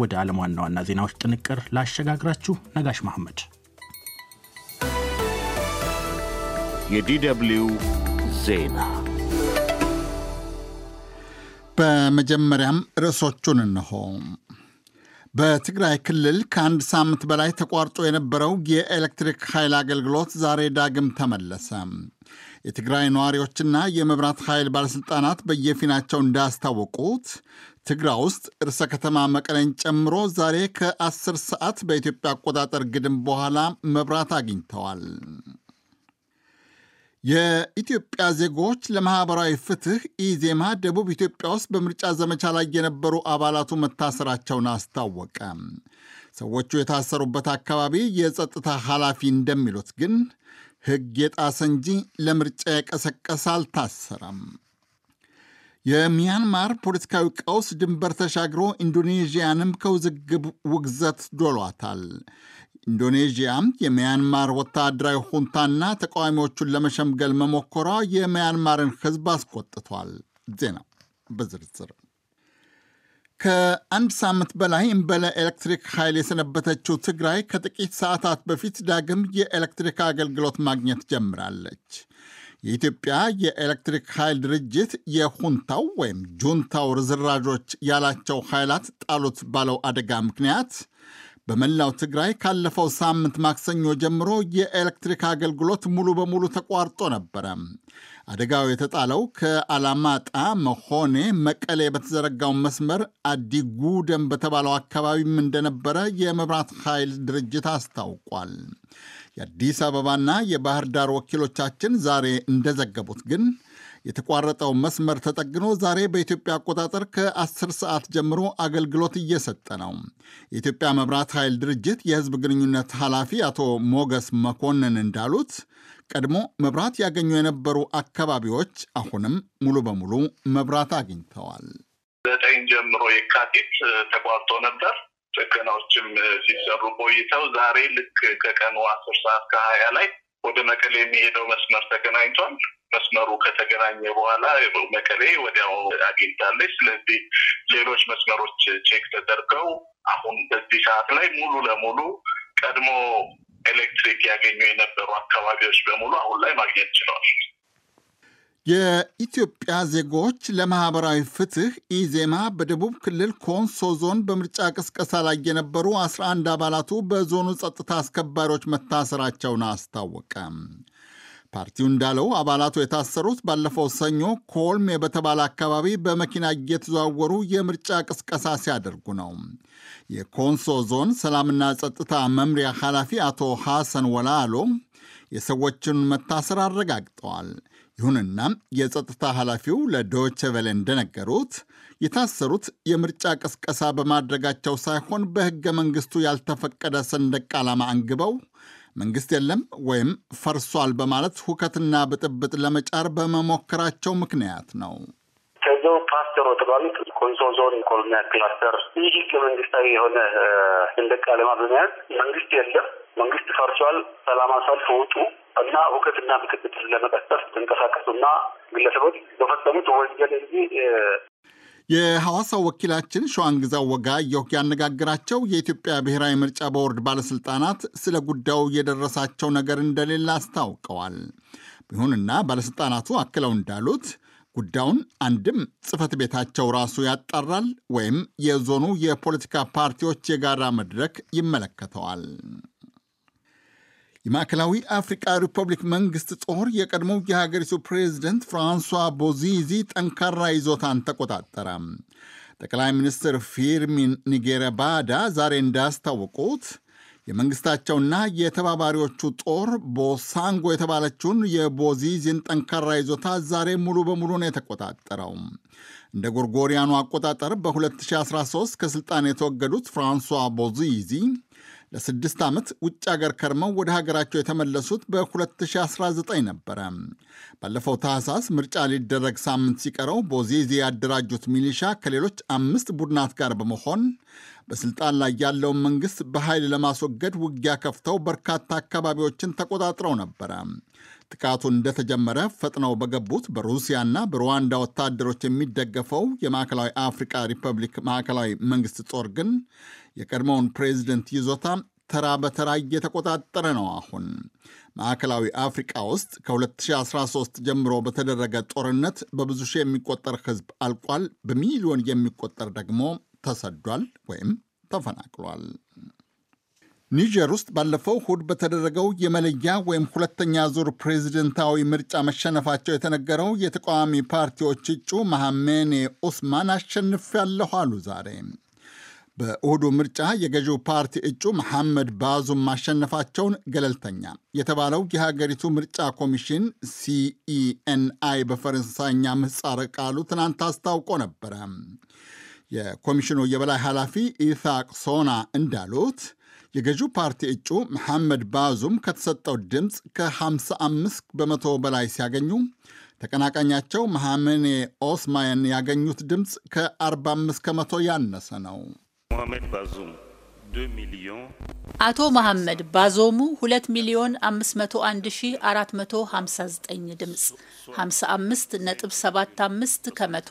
ወደ ዓለም ዋና ዋና ዜናዎች ጥንቅር ላሸጋግራችሁ። ነጋሽ መሐመድ። የዲደብልዩ ዜና። በመጀመሪያም ርዕሶቹን እንሆም። በትግራይ ክልል ከአንድ ሳምንት በላይ ተቋርጦ የነበረው የኤሌክትሪክ ኃይል አገልግሎት ዛሬ ዳግም ተመለሰ። የትግራይ ነዋሪዎችና የመብራት ኃይል ባለሥልጣናት በየፊናቸው እንዳስታወቁት ትግራይ ውስጥ እርሰ ከተማ መቀለን ጨምሮ ዛሬ ከ10 ሰዓት በኢትዮጵያ አቆጣጠር ግድም በኋላ መብራት አግኝተዋል። የኢትዮጵያ ዜጎች ለማህበራዊ ፍትህ ኢዜማ ደቡብ ኢትዮጵያ ውስጥ በምርጫ ዘመቻ ላይ የነበሩ አባላቱ መታሰራቸውን አስታወቀ። ሰዎቹ የታሰሩበት አካባቢ የጸጥታ ኃላፊ እንደሚሉት ግን ሕግ የጣሰ እንጂ ለምርጫ የቀሰቀሰ አልታሰረም። የሚያንማር ፖለቲካዊ ቀውስ ድንበር ተሻግሮ ኢንዶኔዥያንም ከውዝግብ ውግዘት ዶሏታል። ኢንዶኔዥያም የሚያንማር ወታደራዊ ሁንታና ተቃዋሚዎቹን ለመሸምገል መሞከሯ የሚያንማርን ሕዝብ አስቆጥቷል። ዜና በዝርዝር ከአንድ ሳምንት በላይ እምበለ ኤሌክትሪክ ኃይል የሰነበተችው ትግራይ ከጥቂት ሰዓታት በፊት ዳግም የኤሌክትሪክ አገልግሎት ማግኘት ጀምራለች። የኢትዮጵያ የኤሌክትሪክ ኃይል ድርጅት የሁንታው ወይም ጁንታው ርዝራዦች ያላቸው ኃይላት ጣሉት ባለው አደጋ ምክንያት በመላው ትግራይ ካለፈው ሳምንት ማክሰኞ ጀምሮ የኤሌክትሪክ አገልግሎት ሙሉ በሙሉ ተቋርጦ ነበረ። አደጋው የተጣለው ከአላማጣ መሆኔ መቀሌ በተዘረጋው መስመር አዲጉደም በተባለው አካባቢም እንደነበረ የመብራት ኃይል ድርጅት አስታውቋል። የአዲስ አበባና የባህር ዳር ወኪሎቻችን ዛሬ እንደዘገቡት ግን የተቋረጠው መስመር ተጠግኖ ዛሬ በኢትዮጵያ አቆጣጠር ከ10 ሰዓት ጀምሮ አገልግሎት እየሰጠ ነው። የኢትዮጵያ መብራት ኃይል ድርጅት የህዝብ ግንኙነት ኃላፊ አቶ ሞገስ መኮንን እንዳሉት ቀድሞ መብራት ያገኙ የነበሩ አካባቢዎች አሁንም ሙሉ በሙሉ መብራት አግኝተዋል። ዘጠኝ ጀምሮ የካቲት ተቋርጦ ነበር። ጥገናዎችም ሲሰሩ ቆይተው ዛሬ ልክ ከቀኑ አስር ሰዓት ከሀያ ላይ ወደ መቀሌ የሚሄደው መስመር ተገናኝቷል። መስመሩ ከተገናኘ በኋላ መቀሌ ወዲያው አግኝታለች። ስለዚህ ሌሎች መስመሮች ቼክ ተደርገው አሁን በዚህ ሰዓት ላይ ሙሉ ለሙሉ ቀድሞ ኤሌክትሪክ ያገኙ የነበሩ አካባቢዎች በሙሉ አሁን ላይ ማግኘት ችለዋል። የኢትዮጵያ ዜጎች ለማህበራዊ ፍትህ ኢዜማ በደቡብ ክልል ኮንሶ ዞን በምርጫ ቅስቀሳ ላይ የነበሩ 11 አባላቱ በዞኑ ጸጥታ አስከባሪዎች መታሰራቸውን አስታወቀ። ፓርቲው እንዳለው አባላቱ የታሰሩት ባለፈው ሰኞ ኮልሜ በተባለ አካባቢ በመኪና እየተዘዋወሩ የምርጫ ቅስቀሳ ሲያደርጉ ነው። የኮንሶ ዞን ሰላምና ጸጥታ መምሪያ ኃላፊ አቶ ሐሰን ወላሎ የሰዎችን መታሰር አረጋግጠዋል። ይሁንና የጸጥታ ኃላፊው ለዶይቼ ቬለ እንደነገሩት የታሰሩት የምርጫ ቅስቀሳ በማድረጋቸው ሳይሆን በሕገ መንግሥቱ ያልተፈቀደ ሰንደቅ ዓላማ አንግበው መንግስት የለም ወይም ፈርሷል በማለት ሁከትና ብጥብጥ ለመጫር በመሞከራቸው ምክንያት ነው። ከዚው ክላስተር የተባሉት ኮንሶ ዞን ኢኮኖሚያ ክላስተር ይህ ህገ መንግስታዊ የሆነ ሰንደቅ ዓላማ በመያዝ መንግስት የለም፣ መንግስት ፈርሷል፣ ሰላም አሳልፍ ውጡ እና ሁከትና ብጥብጥ ለመቀጠፍ ተንቀሳቀሱና ግለሰቦች በፈጸሙት ወንጀል እንጂ የሐዋሳው ወኪላችን ሸዋንግዛው ወጋየሁ ያነጋግራቸው የኢትዮጵያ ብሔራዊ ምርጫ ቦርድ ባለሥልጣናት ስለ ጉዳዩ የደረሳቸው ነገር እንደሌለ አስታውቀዋል። ይሁንና ባለሥልጣናቱ አክለው እንዳሉት ጉዳዩን አንድም ጽፈት ቤታቸው ራሱ ያጣራል ወይም የዞኑ የፖለቲካ ፓርቲዎች የጋራ መድረክ ይመለከተዋል። የማዕከላዊ አፍሪቃ ሪፐብሊክ መንግስት ጦር የቀድሞው የሀገሪቱ ፕሬዚደንት ፍራንሷ ቦዚዚ ጠንካራ ይዞታን ተቆጣጠረ። ጠቅላይ ሚኒስትር ፊርሚን ኒጌረባዳ ዛሬ እንዳስታወቁት የመንግስታቸውና የተባባሪዎቹ ጦር ቦሳንጎ የተባለችውን የቦዚዚን ጠንካራ ይዞታ ዛሬ ሙሉ በሙሉ ነው የተቆጣጠረው። እንደ ጎርጎሪያኑ አቆጣጠር በ2013 ከስልጣን የተወገዱት ፍራንሷ ቦዚዚ ለስድስት ዓመት ውጭ አገር ከርመው ወደ ሀገራቸው የተመለሱት በ2019 ነበረ። ባለፈው ታህሳስ ምርጫ ሊደረግ ሳምንት ሲቀረው ቦዚዚ ያደራጁት ሚሊሻ ከሌሎች አምስት ቡድናት ጋር በመሆን በስልጣን ላይ ያለውን መንግስት በኃይል ለማስወገድ ውጊያ ከፍተው በርካታ አካባቢዎችን ተቆጣጥረው ነበረ። ጥቃቱ እንደተጀመረ ፈጥነው በገቡት በሩሲያና በሩዋንዳ ወታደሮች የሚደገፈው የማዕከላዊ አፍሪካ ሪፐብሊክ ማዕከላዊ መንግስት ጦር ግን የቀድሞውን ፕሬዚደንት ይዞታ ተራ በተራ እየተቆጣጠረ ነው። አሁን ማዕከላዊ አፍሪቃ ውስጥ ከ2013 ጀምሮ በተደረገ ጦርነት በብዙ ሺህ የሚቆጠር ህዝብ አልቋል። በሚሊዮን የሚቆጠር ደግሞ ተሰዷል ወይም ተፈናቅሏል። ኒጀር ውስጥ ባለፈው እሁድ በተደረገው የመለያ ወይም ሁለተኛ ዙር ፕሬዚደንታዊ ምርጫ መሸነፋቸው የተነገረው የተቃዋሚ ፓርቲዎች እጩ መሐሜኔ ኡስማን ያለሁ አሉ ዛሬ። በእሁዱ ምርጫ የገዢው ፓርቲ እጩ መሐመድ ባዙም ማሸነፋቸውን ገለልተኛ የተባለው የሀገሪቱ ምርጫ ኮሚሽን ሲኢኤንአይ በፈረንሳይኛ ምህጻረ ቃሉ ትናንት አስታውቆ ነበረ። የኮሚሽኑ የበላይ ኃላፊ ኢሳቅ ሶና እንዳሉት የገዢው ፓርቲ እጩ መሐመድ ባዙም ከተሰጠው ድምፅ ከ55 በመቶ በላይ ሲያገኙ ተቀናቃኛቸው መሐመኔ ኦስማየን ያገኙት ድምፅ ከ45 ከመቶ ያነሰ ነው። አቶ መሐመድ ባዞሙ 2 ሚሊዮን 501459 ድምፅ 75 ከመቶ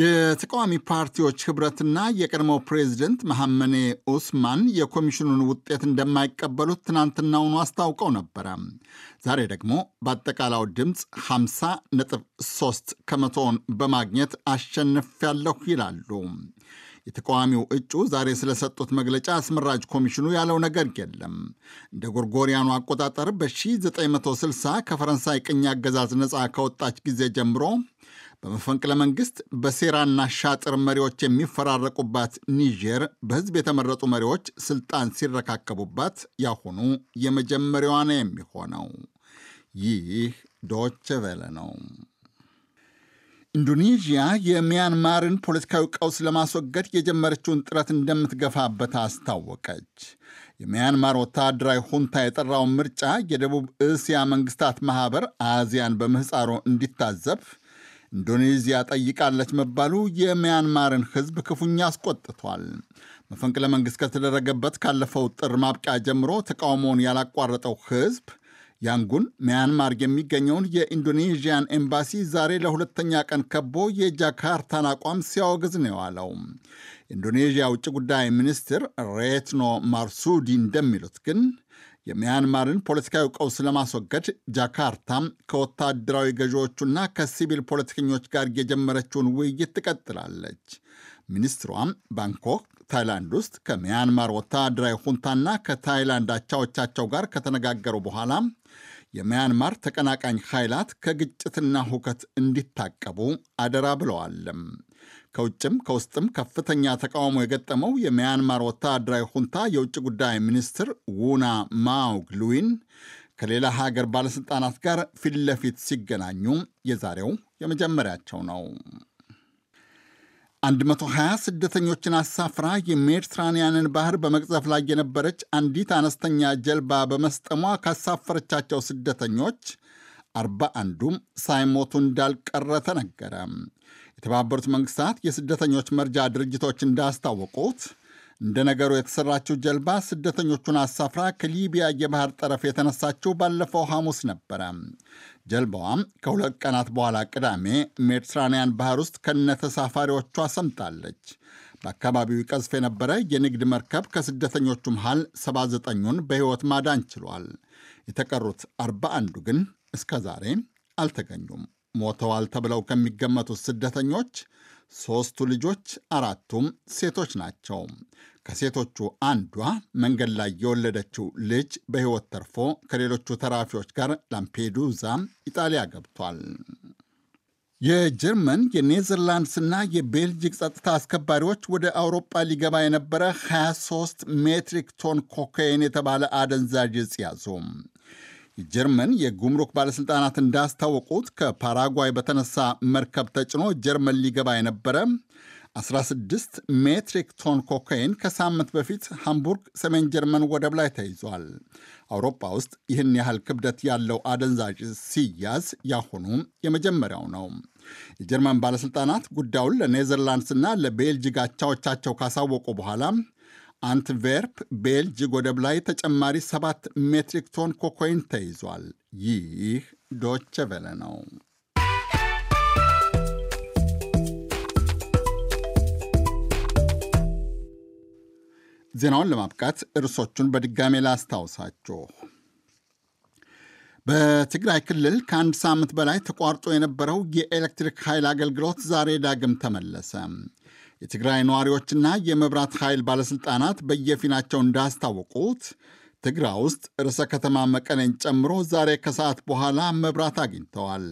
የተቃዋሚ ፓርቲዎች ህብረትና የቀድሞው ፕሬዚደንት መሐመኔ ኡስማን የኮሚሽኑን ውጤት እንደማይቀበሉት ትናንትናውኑ አስታውቀው ነበረ። ዛሬ ደግሞ በአጠቃላው ድምፅ 50 ነጥብ 3 ከመቶውን በማግኘት አሸንፊያለሁ ይላሉ። የተቃዋሚው እጩ ዛሬ ስለሰጡት መግለጫ አስመራጅ ኮሚሽኑ ያለው ነገር የለም። እንደ ጎርጎሪያኑ አቆጣጠር በ1960 ከፈረንሳይ ቅኝ አገዛዝ ነፃ ከወጣች ጊዜ ጀምሮ በመፈንቅለ መንግስት በሴራና ሻጥር መሪዎች የሚፈራረቁባት ኒጀር በህዝብ የተመረጡ መሪዎች ስልጣን ሲረካከቡባት ያሁኑ የመጀመሪያዋ ነው የሚሆነው። ይህ ዶች ቬለ ነው። ኢንዶኔዥያ የሚያንማርን ፖለቲካዊ ቀውስ ለማስወገድ የጀመረችውን ጥረት እንደምትገፋበት አስታወቀች። የሚያንማር ወታደራዊ ሁንታ የጠራውን ምርጫ የደቡብ እስያ መንግስታት ማኅበር አዚያን በምህፃሩ እንዲታዘብ ኢንዶኔዥያ ጠይቃለች መባሉ የሚያንማርን ሕዝብ ክፉኛ አስቆጥቷል። መፈንቅለ መንግሥት ከተደረገበት ካለፈው ጥር ማብቂያ ጀምሮ ተቃውሞውን ያላቋረጠው ሕዝብ ያንጉን ሚያንማር የሚገኘውን የኢንዶኔዥያን ኤምባሲ ዛሬ ለሁለተኛ ቀን ከቦ የጃካርታን አቋም ሲያወግዝ ነው የዋለው። ኢንዶኔዥያ ውጭ ጉዳይ ሚኒስትር ሬትኖ ማርሱዲ እንደሚሉት ግን የሚያንማርን ፖለቲካዊ ቀውስ ለማስወገድ ጃካርታ ከወታደራዊ ገዢዎቹና ከሲቪል ፖለቲከኞች ጋር የጀመረችውን ውይይት ትቀጥላለች። ሚኒስትሯም ባንኮክ ታይላንድ ውስጥ ከሚያንማር ወታደራዊ ሁንታና ከታይላንድ አቻዎቻቸው ጋር ከተነጋገሩ በኋላ የሚያንማር ተቀናቃኝ ኃይላት ከግጭትና ሁከት እንዲታቀቡ አደራ ብለዋለም። ከውጭም ከውስጥም ከፍተኛ ተቃውሞ የገጠመው የሚያንማር ወታደራዊ ሁንታ የውጭ ጉዳይ ሚኒስትር ውና ማውግ ሉዊን ከሌላ ሀገር ባለሥልጣናት ጋር ፊት ለፊት ሲገናኙ የዛሬው የመጀመሪያቸው ነው። 120 ስደተኞችን አሳፍራ የሜዲትራንያንን ባህር በመቅዘፍ ላይ የነበረች አንዲት አነስተኛ ጀልባ በመስጠሟ ካሳፈረቻቸው ስደተኞች አርባ አንዱም ሳይሞቱ እንዳልቀረ ተነገረ። የተባበሩት መንግስታት የስደተኞች መርጃ ድርጅቶች እንዳስታወቁት እንደ ነገሩ የተሰራችው ጀልባ ስደተኞቹን አሳፍራ ከሊቢያ የባህር ጠረፍ የተነሳችው ባለፈው ሐሙስ ነበረ። ጀልባዋም ከሁለት ቀናት በኋላ ቅዳሜ ሜዲትራንያን ባህር ውስጥ ከነተሳፋሪዎቿ ሰምጣለች። በአካባቢው ይቀዝፍ የነበረ የንግድ መርከብ ከስደተኞቹ መሃል 79ኙን በሕይወት ማዳን ችሏል። የተቀሩት 41ዱ ግን እስከ ዛሬ አልተገኙም። ሞተዋል ተብለው ከሚገመቱት ስደተኞች ሦስቱ ልጆች አራቱም ሴቶች ናቸው። ከሴቶቹ አንዷ መንገድ ላይ የወለደችው ልጅ በሕይወት ተርፎ ከሌሎቹ ተራፊዎች ጋር ላምፔዱዛ ኢጣሊያ ገብቷል። የጀርመን የኔዘርላንድስና የቤልጂክ ጸጥታ አስከባሪዎች ወደ አውሮፓ ሊገባ የነበረ 23 ሜትሪክ ቶን ኮካይን የተባለ አደንዛዥ ዕፅ ያዙ። ጀርመን የጉምሩክ ባለሥልጣናት እንዳስታወቁት ከፓራጓይ በተነሳ መርከብ ተጭኖ ጀርመን ሊገባ የነበረ 16 ሜትሪክ ቶን ኮካይን ከሳምንት በፊት ሃምቡርግ ሰሜን ጀርመን ወደብ ላይ ተይዟል። አውሮፓ ውስጥ ይህን ያህል ክብደት ያለው አደንዛዥ ሲያዝ ያሁኑ የመጀመሪያው ነው። የጀርመን ባለሥልጣናት ጉዳዩን ለኔዘርላንድስና ና አቻዎቻቸው ካሳወቁ በኋላ አንትቬርፕ ቤልጅ ወደብ ላይ ተጨማሪ ሰባት ሜትሪክ ቶን ኮኮይን ተይዟል። ይህ ዶቼ ቬለ ነው። ዜናውን ለማብቃት ርዕሶቹን በድጋሜ ላስታውሳችሁ። በትግራይ ክልል ከአንድ ሳምንት በላይ ተቋርጦ የነበረው የኤሌክትሪክ ኃይል አገልግሎት ዛሬ ዳግም ተመለሰ። የትግራይ ነዋሪዎችና የመብራት ኃይል ባለሥልጣናት በየፊናቸው እንዳስታወቁት ትግራይ ውስጥ ርዕሰ ከተማ መቀሌን ጨምሮ ዛሬ ከሰዓት በኋላ መብራት አግኝተዋል።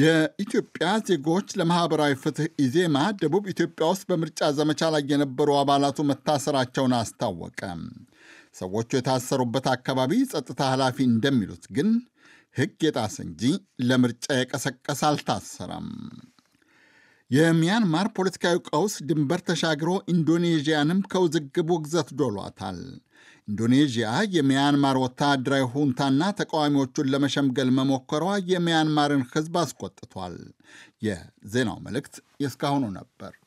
የኢትዮጵያ ዜጎች ለማኅበራዊ ፍትሕ ኢዜማ ደቡብ ኢትዮጵያ ውስጥ በምርጫ ዘመቻ ላይ የነበሩ አባላቱ መታሰራቸውን አስታወቀ። ሰዎቹ የታሰሩበት አካባቢ ጸጥታ ኃላፊ እንደሚሉት ግን ሕግ የጣሰ እንጂ ለምርጫ የቀሰቀሰ አልታሰረም። የሚያንማር ፖለቲካዊ ቀውስ ድንበር ተሻግሮ ኢንዶኔዥያንም ከውዝግቡ ግዘት ዶሏታል። ኢንዶኔዥያ የሚያንማር ወታደራዊ ሁንታና ተቃዋሚዎቹን ለመሸምገል መሞከሯ የሚያንማርን ሕዝብ አስቆጥቷል። የዜናው መልእክት የእስካሁኑ ነበር።